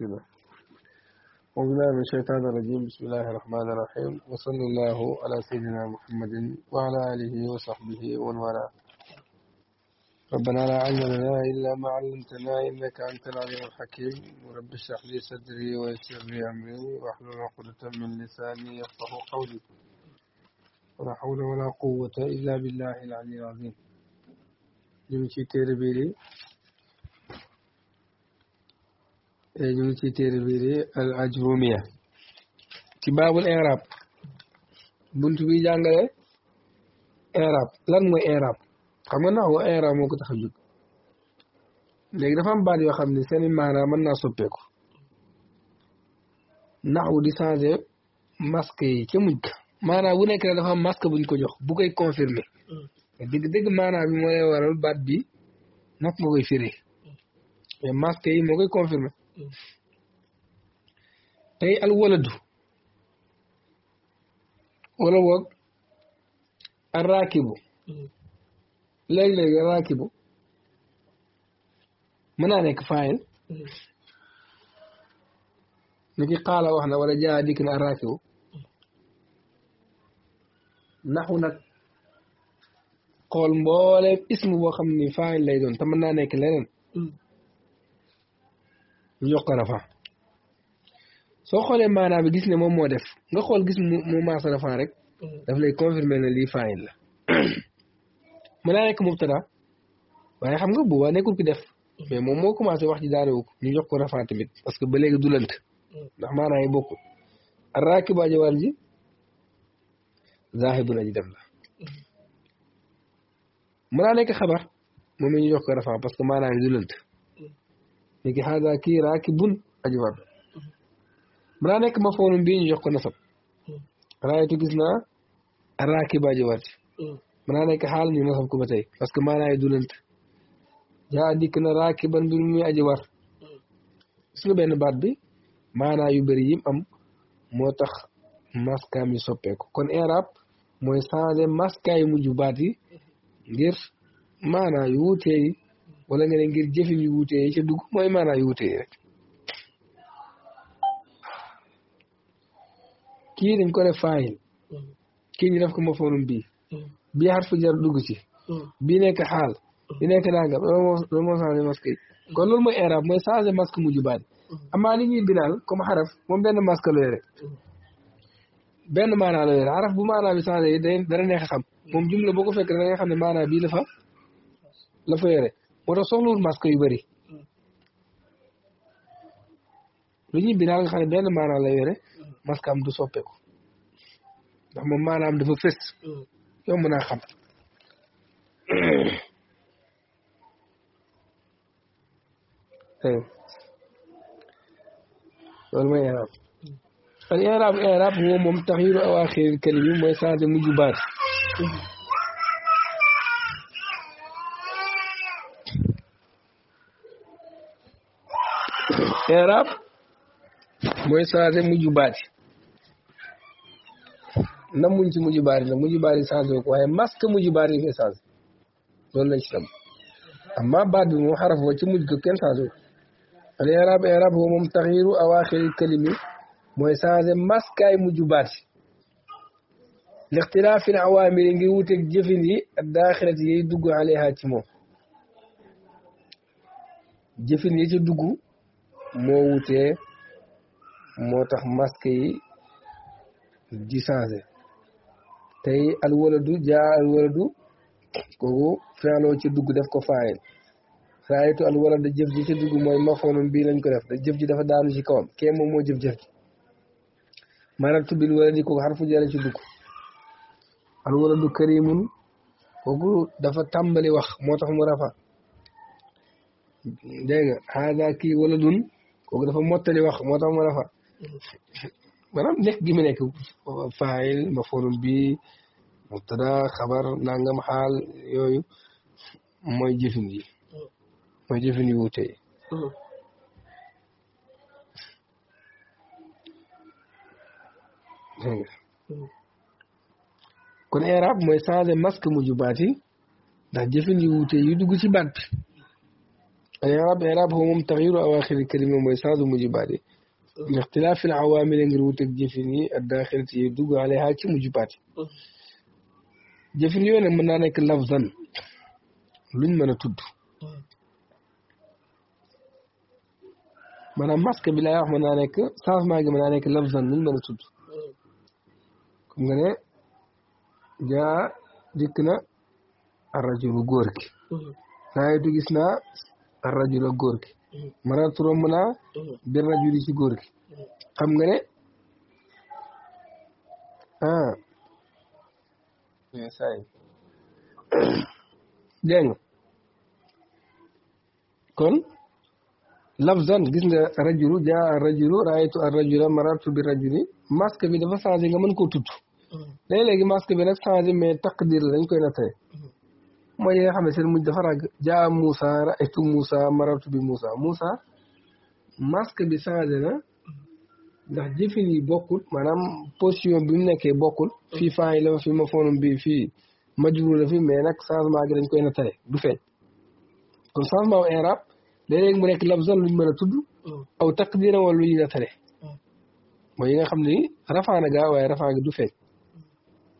كده وبنا من الشيطان الرجيم بسم الله الرحمن الرحيم وصلى الله على سيدنا محمد وعلى آله وصحبه ومن والاه ربنا لا علم لنا إلا ما علمتنا إنك أنت العليم الحكيم ورب اشرح لي صدري ويسر لي أمري واحلل عقدة من لساني يفقه قولي ولا حول ولا قوة إلا بالله العلي العظيم ñu ngi ci téere bi di al bi jàngale irab lan mooy irab xam nga naaw irab moo ko tax a jóg léegi dafa am baat yoo xam ne seeni maanaam mën naa soppeeku naaw di changé masque yi ca mujj maanaam bu nekk dafa am masque buñ ko jox bu koy confirmer hmm. dëgg dëgg maanaam bi moo lay waral baat bi naka nga koy firi hmm. yi mokoy koy تي الولد ولو الراكب ليلى الراكب من عليك فاعل نجي قال واحنا ولا جاء ديك الراكب نحو نك قول مبولك اسم بو خمي فاعل ليدون تمنى نيك لنن ñu jox ko rafaa soo xoolee maanaa bi gis ne moom moo def nga xool gis mu mu maas rek mm-hmm. daf lay confirmer ne lii faayil la mal naa nekk mubtada waaye xam nga bu waa nekkul ki def mm-hmm. mais moom moo commencé wax ji daanewu ko ñu jox ko rafaa tamit parce que ba léegi du lënt mm-hmm. ndax maanaa yi bokkul araakibu aji war ji zaahibun aji dem la mën naa nekk xabar moom it ñu jox ko parce que maanaa yi du lënt léegi xaaral kii raakibun aji war mën naa nekk ma foonu bii ñu jox ko nasab raaytu gis war ci mën naa xaal ñu nasab ko ba tey parce que maanaay du lënt jaa dikk na raakiban du muy aji war gis baat bi maanaa yu bëri yim am moo tax maskaam yi soppeeku kon irab mooy changé maskaay mujj baat yi ngir maanaa yu wuutee yi wala nga ngir jëfin yu wutee yi ca dugg mooy maanaa yu wutee rek kii dañ ko def faayil kii ñu def ko mafoonum bii bii xarfu jar dugg ci bii nekk xaal bi nekk nangam loolu moo changé masque yi kon loolu mooy érab mooy changé masque mujju baat amaa li ñuy binaal comme xaraf moom benn masque la yore benn maanaa la yore bu maanaa bi changé dara neex a xam moom jumla boo ko fekk da nga xam ne maanaa bii la fa moo tax soxlawul masque yu bëri lu ñuy binaal nga xam ne benn maanaam la yore am du soppeeku ndax moom maanaam dafa fës yow mën naa xam loolu mooy i'raab al i'raab i'raab moom moom taxyiiru awaaxiril kalimi mooy changé mujj baat Eraab mooy changé mujj baati nam muñ ci mujj baati la mujj baati changé ko waaye masque mujj baati yi koy changé loolu lañ ci tam amma baat bi ci mujj ko kenn changé ko al eraab eraab boobu moom taxiiru awaaxiri kalimi mooy changé masque ay mujj baati lixtilaafin awaamir yi ngir wuteeg jëfin yi ak daaxilat yi dugg alayha ci moom jëfin yi dugg moo wutee moo tax masque yi di changé tey alwaladu jaa alwaladu kooku fenloo ci dugg def ko faayil raayitu alwalad da jëf ji ci dugg mooy mafoonam bii lañ ko def da jëf ji dafa daanu ci kawam kee moom moo jëf-jëf ji maanaam tubbil wala di kooku xarfu jara ci dugg alwaladu karimun kooku dafa tàmbali wax moo tax mu rafa dégg nga xaada waladun كوكو دا فا موتالي واخ موتا مو دافا مانام نيك جي مي نيك فايل مفعول بي مبتدا خبر نانغام حال يوي موي جيفندي موي جيفندي ووتاي كون ايراب موي سازي ماسك موجوباتي دا جيفندي ووتاي يدوغو سي بانت الإعراب إعراب هو مم تغيير أواخر الكلمة وإسناد مجيباته لاختلاف العوامل ngir wuteeg jëfin yi ak daaxil ci dugg alayha ci mujibaat yi jëfin yooyu nag mën naa nekk lafzan luñ mën a tudd maanaam masque bila laay wax mën naa nekk changement gi mën naa nekk lafzan luñ mën a tudd comme nga ne jaa dikk na arrajulu góor gi saa yu gis naa arrajul ak góor gi maratu romb naa bir rajul yi ci góor gi xam nga ne ah say dégg nga kon lafzan gis nga rajulu jaa rajulu raaytu ar rajula maratu bi rajuli masque bi dafa changé nga mën koo tudd léeg-léegi masque bi nag changé mais taqdir lañ koy nattee mooy yi nga xam ne seen mujj dafa ràgg jaa Moussa raaytu maratu bi Moussa Moussa masque bi changé na ndax jëfin yi bokkul maanaam position bi mu nekkee bokkul fii fan yi la fi ma foonum bi fii majuru la fi mais nag changement gi dañ koy nattale du feeñ kon changement wu irab léeg-léeg mu nekk labzan luñ mën a tudd mm. aw taqdira wala lu ñuy nattale mm. mooy yi nga xam ne rafaa na du feeñ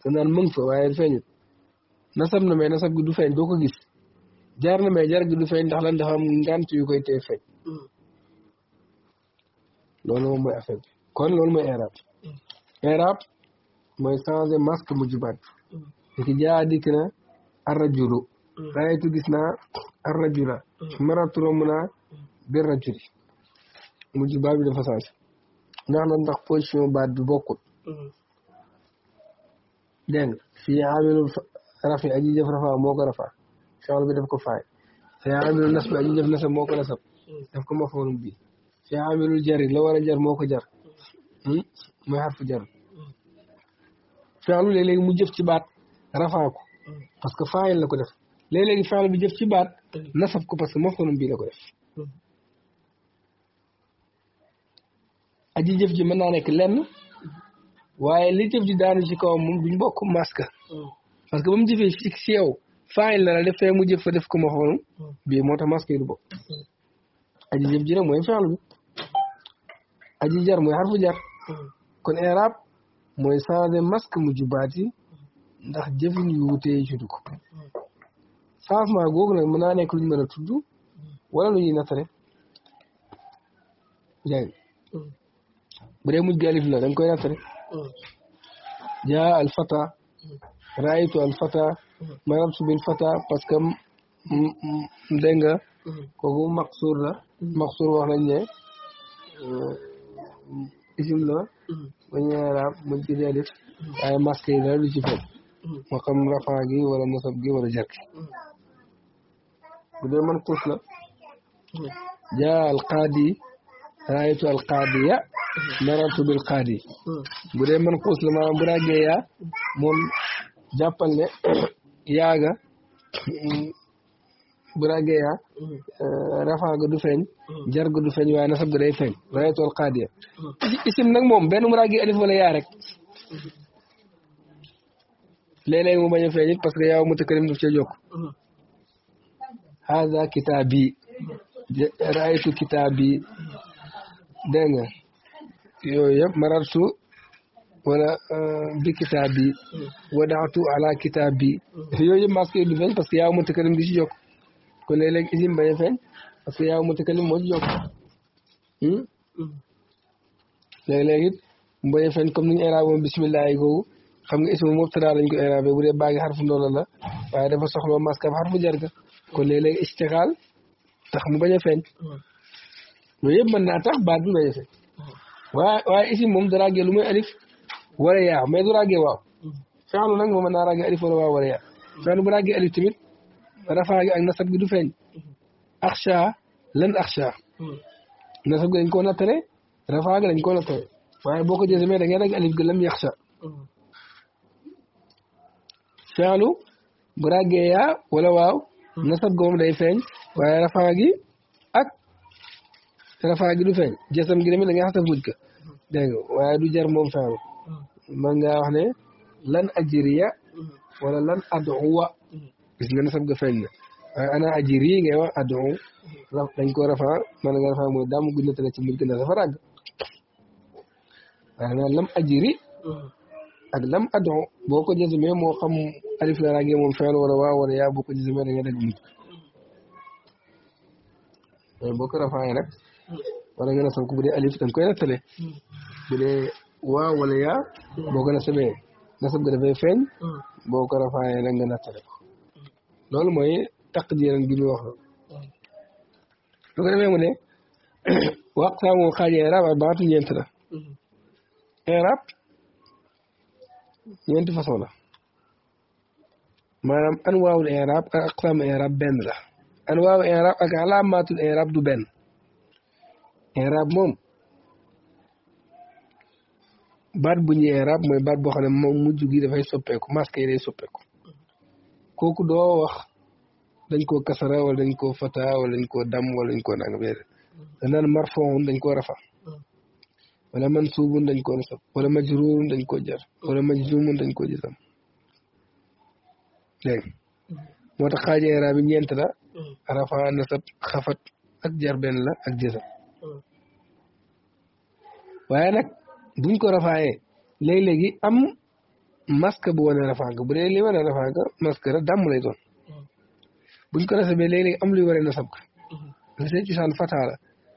te mm. naan mëng fa waaye feeñut nasab na may nasab gi du feeñ do ko gis jaar na may jaar gi du feeñ ndax lan dafa am ngant yu koy tey feeñ mm. lolu moom mooy affaire kon loolu mooy erreur érab mm. mooy changé masque mu jubaat mm. ki jaa dikk na arrajulu raytu gis naa arrajula maratu romb naa bir rajuli mu jubaat bi dafa sans ndax lan ndax position baat bi bokkul dégg nga rafi aji jëf rafa moo ko rafa fi'l bi daf ko faay fi amilu nasb aji jëf nasab moo ko nasab daf ko mafoon bi fi amilu jari la war a jar moo ko jar mooy xarfu jar fi'l léeg-léeg mu jëf ci baat rafa ko parce que faayil la ko def léeg-léegi fi'l bi jëf ci baat nasab ko parce que mafoon bi la ko def aji jëf ji mën naa nekk lenn waaye li jëf ji daanu ci kawam moom duñ bokk masque parce que ba mu jëfee si si yow faayil def fee mu jëf fa def ko ma xoolum hmm. bii moo tax masque yi du bokk hmm. aji jëf ji rek mooy fexlu bi aji jar jar hmm. kon érab mooy changé masque mu jubaati ndax jëfin yu wutee ci dugg changement googu nag mën naa nekk lu ñu mën a wala lu ñuy nattale dégg bu dee raaytu al fata ma su bin fata parce que denga nga kooku maqsuur la maqsur wax lañ ne euh, isim la bañu arab muñ ci delif ay waaye la lu ci fop ma xam rafaa gi wala nasab gi wala jarki bu de man kuus la ja al qadi raaytu al bil bu man kus la bu jàppal ne yaaga bu ya, mm-hmm. euh, rafa ga du feñ mm-hmm. jar ga du feeñ waaye nasab ga day feeñ rayatool qadiya mm-hmm. isim neng mom, ben murage alif wala ya rek lele léeg mu bañ a parce que du ci jokk haza kitabi, raaytu kitabi kitabi, nga yeb marasu wala bi kitaab bi wadaatu ala kitaab bi yooyu yëpp masque du feeñ parce que yaaw mutakallim di ci jokk kon léeg-léeg isim bañ a feeñ parce que yaaw mutakallim moo ci jokk léeg-léeg it mu bañ a feeñ comme ni ñu éraaboon bisimilah yi googu xam nga ismu mubtada lañ ko éraabee bu dee baa ngi xarfu ndoola la waaye dafa soxloo masque ab xarfu jarga kon léeg-léeg istixaal tax mu bañ a feeñ yooyu yëpp mën naa tax baat bi bañ a feeñ waaye waaye isim moom dara gee lu muy alif wala yaa mais du raggee waaw fexlu mm. alif wala waaw wala bu mm. raggee alif gi ak nasab gi du feeñ mm-hmm. axsha lan axsha mm. nasab gi dañ koo nattale rafaa gi dañ koo nattale waaye boo ko jësemee da ngay ragg alif gi lam yaxsha fexlu mm-hmm. bu raggee yaa wala waaw nasab gi moom day feeñ waaye rafaa gi ak rafaa gi du feeñ jësam gi tamit da ngay xasaf mujj ka du jar moom fexlu man ga wax ne lan ajiriya wala lan aduwa gis nga nasab ga feeñ na waaye ana ajiri ngay wax adu dañ ko rafa man nga rafa mooy daamu gudd na tale ci mulki na safa ràgg waaye lam ajiri ak lam adu boo ko jësumee moo xam alif la ràggee moom feel wala waaw wala yaa boo ko jësumee da nga dagg mujj mais boo ko rafaayee nag wala nga nasab ko bu alif dañ koy nattale bu waaw wala yaa boo ko nasabee nasab ga dafay feeñ boo ko rafaayee nag nga nattale ko loolu mooy taqdiran gi ñu wax la su ko defee mu ne waqtaamu xaaji irab arbaatu ñeent la irab ñeenti façon la maanaam anwaawul irab ak aqsaamu irab benn la anwaawu irab ak alaamaatul du benn irab moom baat bu ñuy érab mooy baat boo xam ne moom mujj gi dafay soppeeku masque yi day soppeeku kooku doo wax dañ koo kasara wala dañ koo fata wala dañ koo dam wala dañ koo nangam déedéet dañ naan marfoon dañ koo rafa wala mansuubun dañ ko nasab wala majruurun dañ koo jar wala majzuumun dañ ko jësam tax xaaji érab yi ñeent la rafa ak jar benn la ak jësam hmm. buñ ko rafaayee léeg-léegi am masque bu wane rafaa nga bu dee li wane rafaa nga masque la dàmm lay doon buñ ko nasabee léeg am luy waree nasab ga la seen cosaan fataa la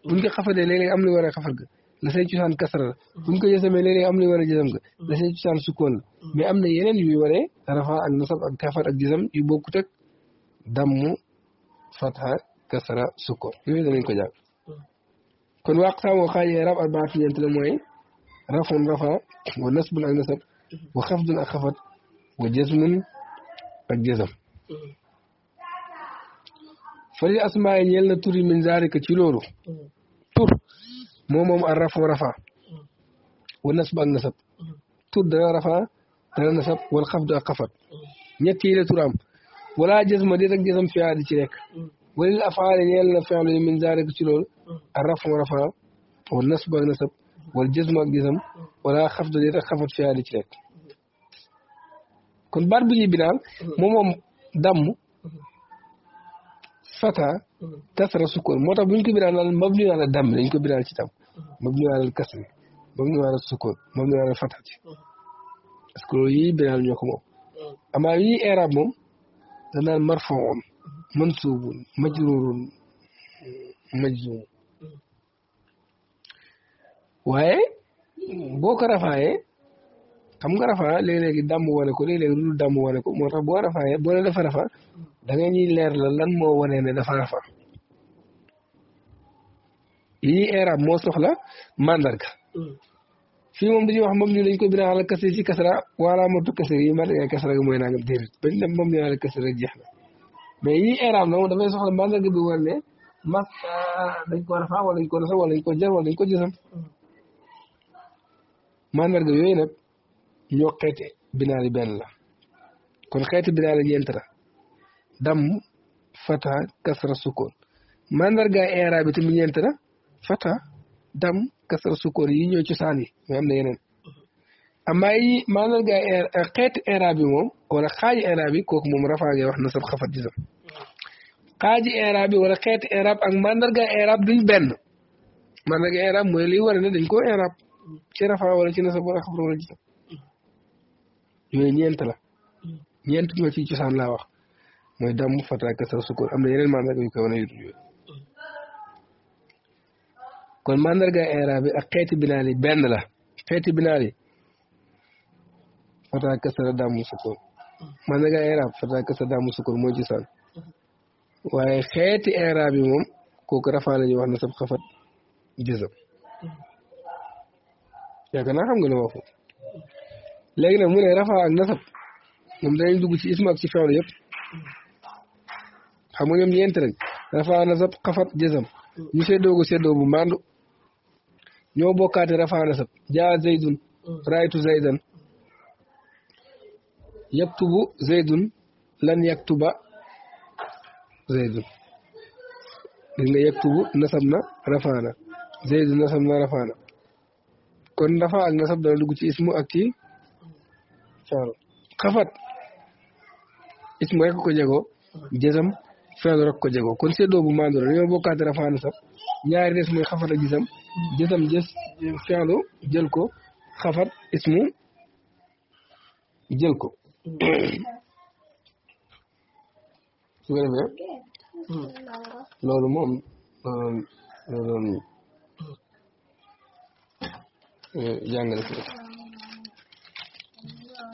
buñ ko xafadee léeg am luy waree xafal ga la seen cosaan kasara la buñ ko jësamee léeg am luy waree jësam ga la seen cosaan sukkoon la am na yeneen yuy waree rafaa ak nasab ak kafar ak jësam yu bokkut ak dammu fataa kasara sukkoon yooyu danañ ko jàng hmm. kon waaqsaamoo xaajee rab arbaat ñeent la mooy رفع رفع ونسب نسب وخفض أخفض وجزم الجزم fali asmaa yi ñeel na tur yi min zaalika ci loolu tur moo moom ak rafu rafa wa nasb ak nasab tur dana rafa dana nasab wal xafd ak xafat ñett yi la turam wala jësma di rek jësam fiyaa di ci rek walil afaal yi ñeel na fiyaal yi min zaalika ci loolu ak rafu rafa wa nasb ak nasab wala jësmu ak gisam wala xaf da dee xafat fiyaa di ci nekk kon baat bu ñuy binaal moom moom damm fata kasra sukkoon moo tax bu ñu ko mabni ala damm dañ ko binaal ci tam mabni ala kasri mabni ala sukkoon mabni ala fatati parce que yi binaal ñoo ko moom amaa yi érab moom danaan marfuun mansuubun majruurun waaye boo ko rafaayee xam nga rafa léeg-léegi dàmm wane ko léeg-léegi lu dul wane ko moo tax boo rafaayee boo ne dafa rafa da nga ñuy leer la lan moo wane ne dafa rafa lii erab moo soxla mandarga fii moom dañuy wax moom ñu lañ ko bina xala kasri ci kasra wala matu kasri yi ma kasra gi mooy nangam déedéet bañ dem moom ñu xala kasra rek soxla mandarga bi wane ne mas dañ ko rafa wala dañ ko nasa wala dañ ko jar wala ko mandarga yooyu nag ñoo xeeti binaari benn la kon xeeti binaari ñeent dam fata kasra sukkoon mandarga era bi tamit ñeent la fata dam kasra sukkoon yi ñëw cosaan yi mais am na yeneen amaa yi mandarga er-, er-, xeeti era bi moom wala xaaji era bi kook moom rafaa ngay wax nasab xafat jisam xaaji era bi wala xeeti era ak mandarga era duñ benn mandarga era mooy liy war ne dañ koo era ci rafaa wala ci nasab wala xabar wala jisim yooyu ñeent la ñeent ñoo ci cosaan laa wax mooy damm fata kasra sukkur am na yeneen mandarga yu koy wane yu yooyu kon mandarga i'raab bi ak xeeti binaal yi benn la xeeti binaal yi fata kasra damm sukkur mandarga i'raab fata kasra damm sukkur mooy cosaan waaye xeeti i'raab bi moom kooku rafaa la ñuy wax xafat jësam yaakaar naa xam nga li ma wax léegi nag mu ne rafa ak nasab ñoom danañ dugg ci ism ak ci fi'l yëpp xam nga ñoom ñeent lañ rafa nasab xafat jësam ñu seddoo ko seddoo ñoo bokkaate rafa nasab jaa zaydun raaytu zaydan yaktubu zaydun lan yaktuba zaydun dégg nga yaktubu nasab na rafaana zaydun nasab na rafaana kon ndafa ak nasab dana dugg ci ismu ak ci feelu xafat ismu rek ko jegoo jësam feelu rek ko jegoo kon seddoo bu maandu la dañoo bokkaate rafaa ñaari des mooy xafat ak jësam jësam jës feelu jël ko xafat ismu jël ko su ko defee hmm. loolu moom euh, euh, jàngale ko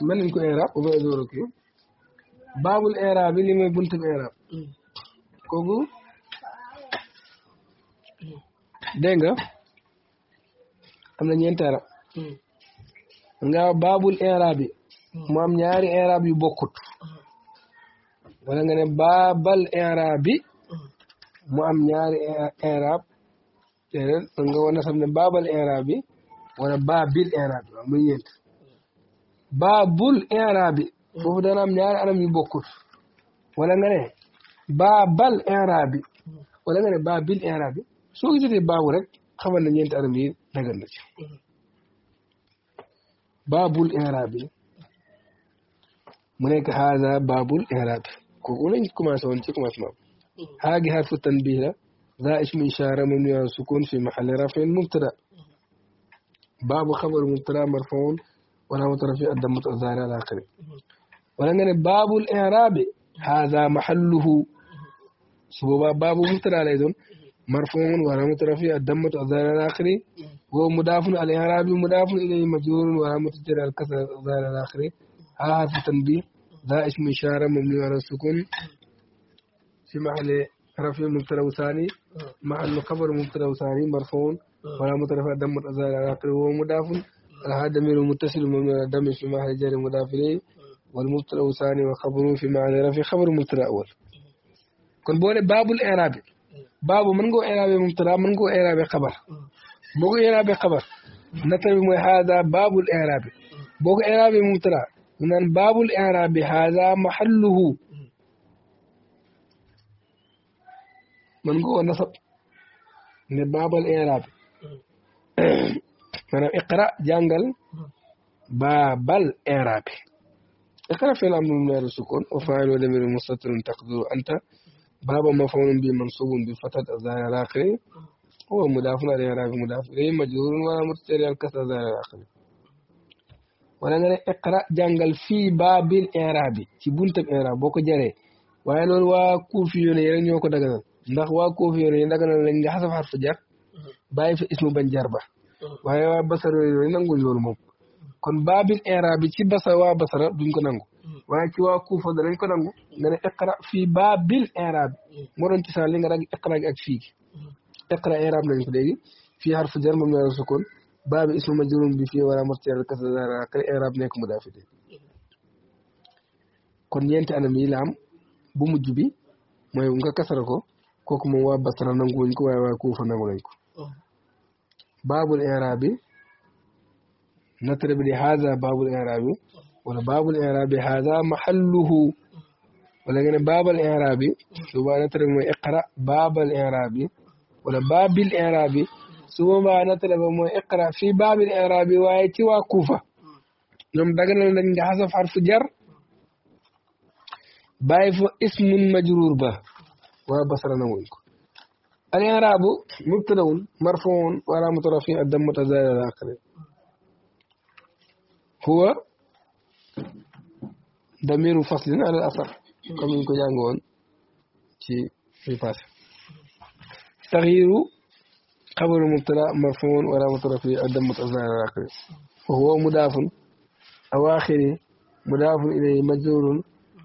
mën nañ ko érab ba pare door a kii baabul érab bi am na ñeenti érab nga baabul érab bi mu am ñaari érab yu bokkut wala nga ne baabal érab bi mu am ñaari érab déedéet nga war na xam ne baabal érab bi wona babil eraɓe min yenta babul eraɓe fof dana mi ara aɗa mi bokkuto wala ngane babal eraɓe wala ngane babil eraɓe so gisete babu rek xamal na ñeenti aram yi dagan na ci babul eraɓe mu nekk haza babul eraɓe kooku lañ commencé woon ci commencement haagi harfu tanbih la ذا اسم إشارة من سكون في محل رفع مبتدأ باب خبر المبتلى مرفوع ولا مطر في أدم متأذار على آخره ولن باب الإعراب هذا محله سبب باب مبتلى لذن مرفوع ولا مطر في أدم متأذار على آخره هو مدافع الإعراب مدافع إليه مجرور ولا متجر الكسر أذار على آخره هذا تنبيه ذا اسم إشارة مبني على السكون في محل رفع مبتلى ثاني محل خبر مبتلى ثاني مرفوع ولا مترفع دم الأزال على آخره وهو مضاف الهذا ضمير متصل من الدم في محل جر مضاف إليه والمبتدأ ثاني وخبر في معنى في خبر مبتدأ أول كن بول باب الإعراب باب من جو إعراب مبتدأ من جو إعراب خبر مو إعراب خبر نتبع هذا باب الإعراب بوك إعراب مبتدأ من باب الإعراب هذا محله من جو نصب من باب الإعراب manam iqra jangal ba bal irab iqra fi lam mum lar sukun wa fa'il wa lam باب مفعول به منصوب بفتح الظاهر الاخر هو مدافع على الاعراب مدافع اليه مجرور ولا مرسل الكسر الظاهر الاخر ولا اقرا جانغال في باب الاعراب في بنت الاعراب بوكو جاري واي لول وا كوفيون يي نيوكو دغال نده وا كوفيون حرف جر bàyyi fi ismu bañ jar ba mm-hmm. waaye waa basara yooyu nanguñ loolu moom kon baabil i'raab bi ci basa wa basara duñ ko nangu mm-hmm. waaye ci waa kuufa danañ nangu nga fii baabil bi mm-hmm. moo doon ci saan li nga rag iqra gi ak fii gi iqra i'raab lañ ko léegi fii harfu jar moom ñoo sukkoon baabi bi fii wala mustaqil kasra kal i'raab nekk mudaaf kon ñeenti anam yi la am bu mujj bi nga kasara ko kooku moom waa basara nanguwuñ ko waaye waa kuufa nangu nañ ko باب الإعرابي نطرب لهذا باب الإعرابي ولا باب الإعرابي هذا محله ولكن باب الإعرابي سوى نطرب اقرأ باب الإعرابي ولا باب الإعرابي سوى ما نطلب اقرأ في باب الإعرابي وآيتي وكوفة نم دقنا لن حذف حرف جر بايفو اسم مجرور به وبصرنا وينكم al i'raabu mubtadaun marfuun wa alaamatu rafihi ad-dammatu az-zaayidatu alaa aaxirihi huwa damiiru faslin alal asar comme niñ ko jàngoon ci fi passé taxyiiru xabaru mubtada marfuun wa alaamatu rafihi ad-dammatu az-zaayidatu alaa aaxirihi wa huwa mudaafun aw aaxirihi mudaafun ilayhi majruurun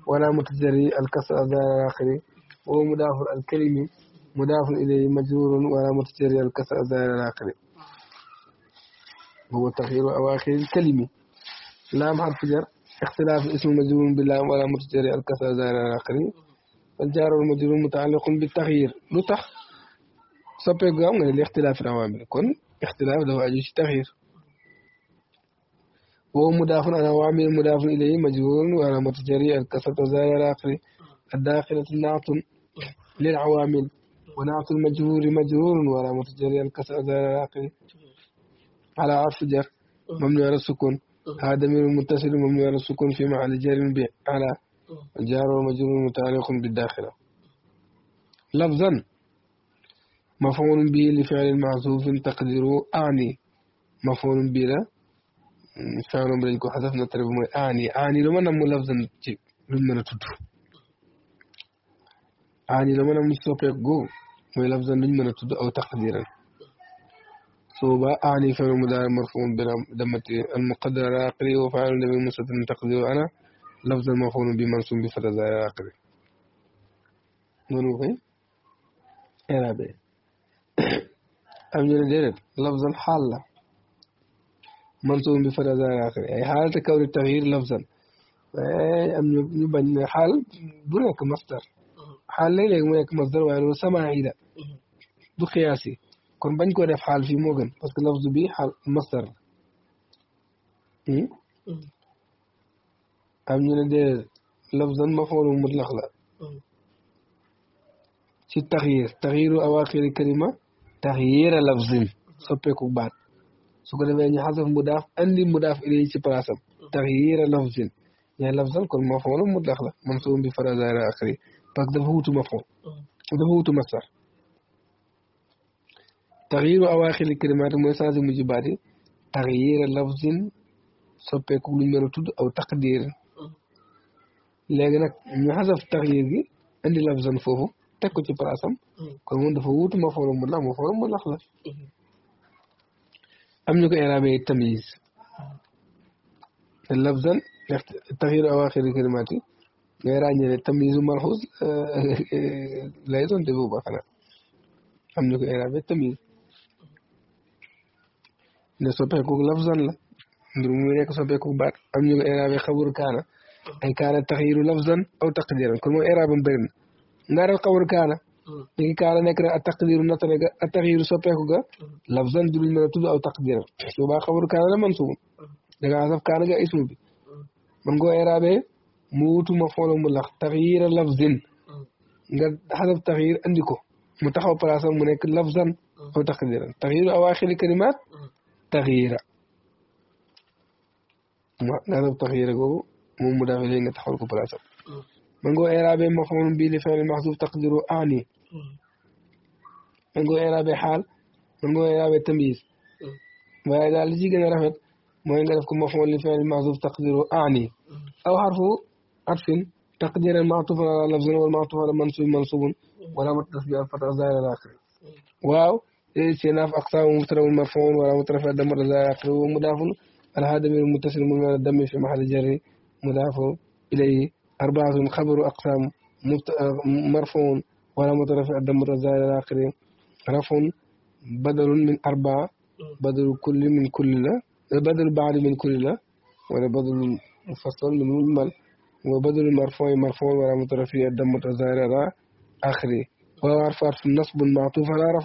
wa alaamatu jarrihi al-kasra az-zaayidatu alaa aaxirihi wa huwa mudaafun al-kalimi مضاف إليه مجرور ولا متجري الكسر الظاهر الآخر هو تغيير أواخر الكلمة لام حرف جر اختلاف الاسم مجرور باللام ولا متجري الكسر الظاهر الآخر الجار والمجرور متعلق بالتغيير لو تخ سبب لاختلاف الأوامر كن اختلاف له أجيش تغيير وهو مضاف على أوامر مضاف إليه مجرور ولا متجري الكسر تزايا الآخر الداخلة نعت للعوامل ونعت المجهول مجهول ولا الكسر على العاقل على عرف جر ممنوع على السكون أه. هذا من المتصل ممنوع على السكون في محل جر على أه. الجار ومجرور متعلق بالداخلة لفظا مفعول به لفعل معزوف تقديره أعني مفعول به لا فعل بلنكو حذف نطلب أعني أعني لما نمو لفظا لما أعني لما نمو سوبيك جو فهي لفظا مجملا أو تقديرا صوبة أعني فعل مدار مرفوع بضمة المقدرة عاقلي وفعل النبي موسى تقدير أنا لفظا مفعول بمرسوم بفتح ظاهر عاقلي منو إيه فين؟ إرادة أم جل ديرت لفظا حالة منصوب بفتح ظاهر عاقلي يعني أي حالة كون التغيير لفظا إيه، أم ñu حال bañ مصدر حال ليلة nekk masdar xaal léeg-léeg mu du xiyaasi kon bañ ko def xaal fii moo gën parce que lafzu bi xaal masdar am ñu ne dee lafzan mafoolu mutlax la ci taxyir taxyiru awaaxiri kalima taxyira lafzin soppeeku baat su ko defee ñu xasaf mudaaf andi mudaaf ilay ci place am taxyira lafzin ñee lafzan kon mafoolu mutlax la man suum bi fara zaira axiri parce que dafa wutu mafool dafa wutu masdar تغيير أواخر الكلمات مساز مجباري تغيير لفظ سبق لم يرتد أو تقدير لكن من حذف تغيير عندي لفظ فوه تكو تي براسم كون من دفو ووت مفعول ملا مفعول ملا خلاص أم نكو إرامي التمييز اللفظ تغيير أواخر الكلمات غيران يعني التمييز ملحوظ آه، آه، آه، لا يزن دبو بخنا أم نكو إرامي التمييز ne soppeekug lafzan la mbir mu nekk soppeekug baat am ñu erabe éraabe kana ay kana takhiru lafzan aw taqdiran kon mo erabe bëri ndar ñaareel xabaru kaana léegi kaana nekk na taqdiru nattale ga a taxyiru soppeeku ga lafzan du luñ mën aw taqdir su ba xabaru kana la mansub subu da ngaa saf kaana ga ismu bi man go erabe mu wutuma folo mu lax taxyira lafzin nga xasaf takhir andiko mu taxaw palaasam mu nek lafzan aw taqdiran taxyiru awaaxiri kalimat تغيير نادب تغيير جو مو مضاف إليه نتحول كبلاته من جو إعراب إيه مفعول به لفعل محذوف تقديره آني من جو إعراب إيه حال من جو إعراب إيه تمييز وإذا الذي جنا رفت ما ينقلب مفعول لفعل محذوف تقديره آني أو حرفه حرف تقدير المعطوف على لفظ والمعطوف على منصوب منصوب ولا متصل بألفة الظاهر الآخر واو استئناف إيه، أقسام مترو المفعول ولا مترف الدم اخره ومضاف الهادم المتصل من الدم في محل الجري مضاف إليه أربعة خبر أقسام مرفوع ولا مترف الدم الرزاق رفع بدل من أربعة بدل كل من كل لا بدل بعد من كل لا ولا بدل مفصل من المل وبدل مرفوع مرفوع ولا مترف الدم الرزاق آخره وهو عرف عرف النصب المعطوف على عرف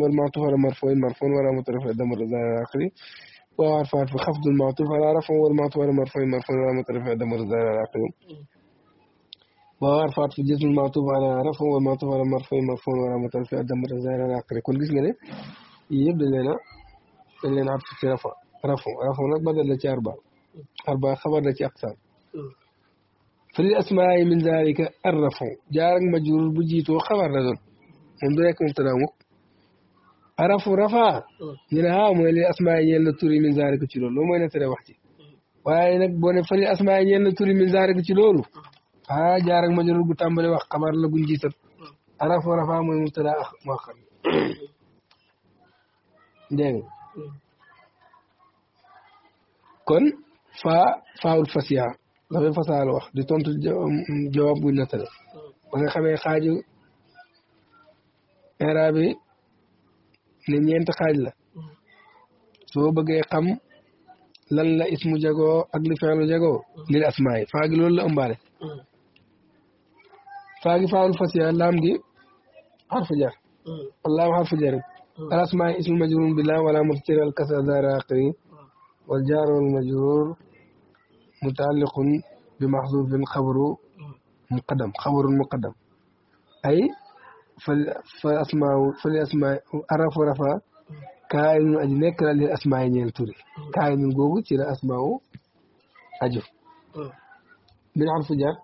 والمعطوف على مرفوع مرفوع ولا مترفع دم الرضا إلى آخره وهو عرف عرف خفض المعطوف على عرف والمعطوف على مرفوع مرفوع ولا مترفع دم الرضا إلى آخره وهو عرف عرف الجسم المعطوف على عرف والمعطوف على مرفوع مرفوع ولا مترفع دم الرضا إلى آخره كل جسم يبدأ لنا اللي نعرف في رفع رفع رفع نقبل لك أربعة أربعة خبر لك أقسام في من ذلك الرفع جار مجرور بجيت وخبر رجل من ذلك مبتدأ أرف رفع منها من الأسماء يل من ذلك تلول لو ما وحدي وينك بون في الأسماء من ذلك تلول ها جار مجرور بتم وخبر له بجيت أرف رفع من مبتدأ مؤخر دائم كن فا فاول فسيا dafay fasaal wax di tontu jawaab buy nettale ba nga xamee xaaju era bi ne ñeenti xaaj la soo bëggee xam lan la ismu jagoo ak li feelu jagoo lil asmaa yi faagi loolu la ëmbaale faagi faawul fasiya laam gi xarfu jar wallaahu xarfu jar al asmaa yi ismu majrur bi laam wala muftir al kasra dara aqri wal jaar wal majrur متعلق بمحذوف خبر مقدم خبر مقدم أي فالأسماء فالأسماء عرف ورفا كائن أجي نكرا للأسماء ñeen كائن googu ci la أسماء أجف من عرف جاء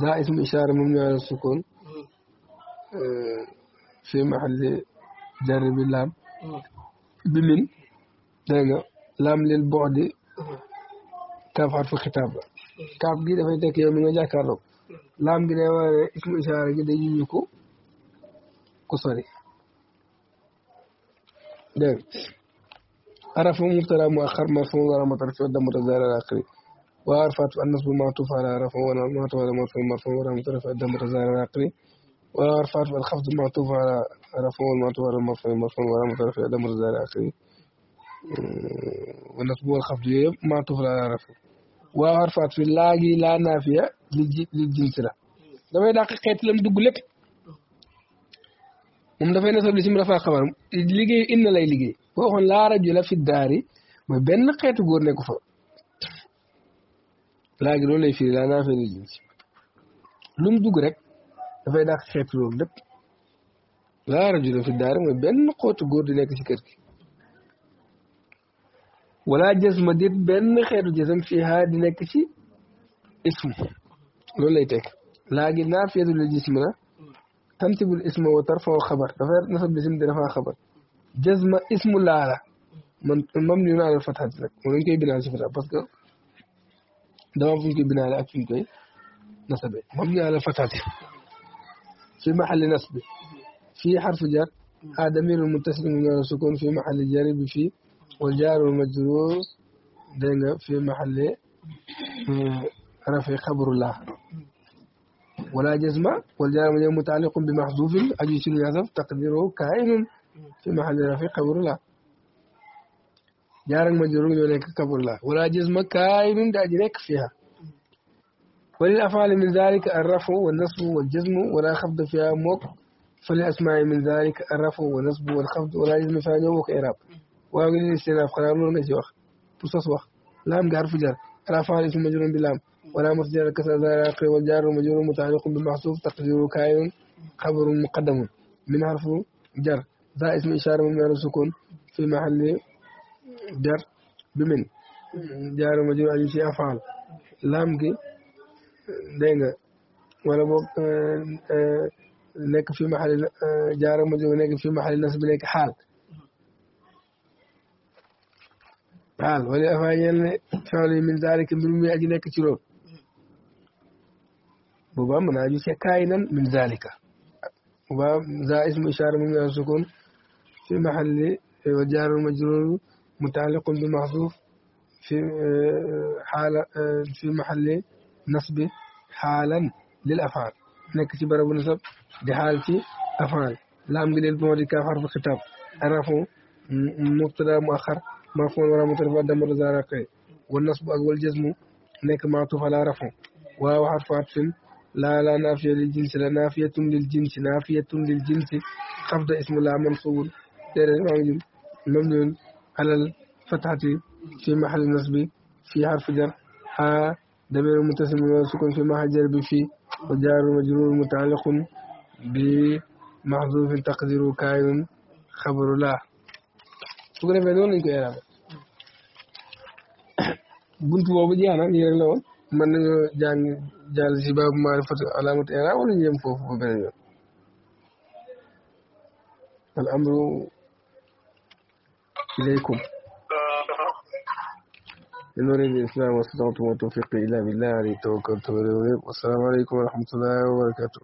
ذا اسم إشارة ممنوع على السكون في محل جر باللام بمن لام للبعد كاف حرف الخطاب كاف جيد ذلك يوم من وجهك الرب لام جيد اسم إشارة جيد يجيكو قصري دائم عرف مبتدا مؤخر مرفوع ضرب مطرف يد متزارع الآخري وعرفت النصب توفى على عرف والمعطوف على مرفوع مرفوع ضرب مطرف يد متزارع الآخري وعرفت الخفض توفى على عرف والمعطوف على مرفوع مرفوع ضرب مطرف ودى متزارع الآخري wala su bool xafdu yooyu yëpp maa tuuf laa rafi waaw harfaat fi laa gi laa naafiya li ji la dafay dàq xeet lam dugg lépp moom dafay nasab li si mu rafaa xabar liggéey inna lay liggéey boo waxoon laa rajula fi daari mooy benn xeetu góor nekku fa laa gi loolu lay firi mu dugg rek dafay dàq xeetu loolu lépp laa rajula fi daari mooy benn xootu góor di nekk ci kër gi ولا جزم دب بن خير جزم في هذه نكتي اسم لولا يتك لاجي ناف يدل الجسم تنتب الاسم وترفع خبر تفر نصب جسم درفع خبر جزم اسم لا لا من ممن ينال الفتحة لك ولن كي بناء الفتحة بس كو دام فين كي بناء لك فين كي نصب ممن ينال الفتحة في محل نصب في حرف جر هذا من المتسلم من السكون في محل جر بفيه والجار المجرور دينا في محل رفع آه، خبر الله ولا جزم والجار المجرور متعلق بمحذوف أجيس يحذف تقديره كائن في محل رفع خبر الله جار المجرور يوليك خبر الله ولا جزم كائن داجريك فيها وللأفعال من ذلك الرفع والنصب والجزم ولا خفض فيها موك فللأسماء من ذلك الرفع والنصب والخفض ولا جزم فيها موك إراب waaw nga ne istilaaf xanaa loolu nga ci wax pour sos wax laam nga arfu jar ala faal ismu majrun bi laam wala masdar kasra zaahir aqri wal jaar majrun mutaalliqun bi maxsuuf taqdiru kaayun xabarun muqaddamun min arfu jar ذا اسم إشارة من معنى السكون في محل جر بمن جار مجرور أي شيء أفعل لام كي دينا ولا بوك نك في محل جار مجرور نك في محل نصب نك حال قال ولي أفاجن تولي من ذلك من مئة جنيه كتيرو بابا مناجو كائنا من ذلك بابا ذا اسم إشارة من السكون في محل وجار مجرور متعلق بمحذوف في آه، حال آه، في محل نصب حالا للأفعال نكتب برب نصب بحالتي أفعال لام قليل بمعدي كافر في الخطاب عرفوا مبتدا مؤخر مفهوم فون ورا مترفع دم والنصب أقول جزمو نك ما توفى لا رفع واو حرف عطف لا لا نافية للجنس لا نافية للجنس نافية للجنس خفض اسم لا منصور دير المعجم ممنون على الفتحة في محل النصب في حرف جر ها دمير متسم وسكن في محل جر في وجار مجرور متعلق بمحذوف تقدير كائن خبر الله su ko defee noonu lañ koy érable buntu boobu jeex na lii rek la woon mën nañoo jàng jàll si baabu maarifatu alaamat i'raab wala ñu yem foofu ba beneen yoon al amru ilaykum إن أريد الإسلام واستطعت وما توفيقي إلا بالله عليه توكلت وإليه والسلام عليكم ورحمة الله وبركاته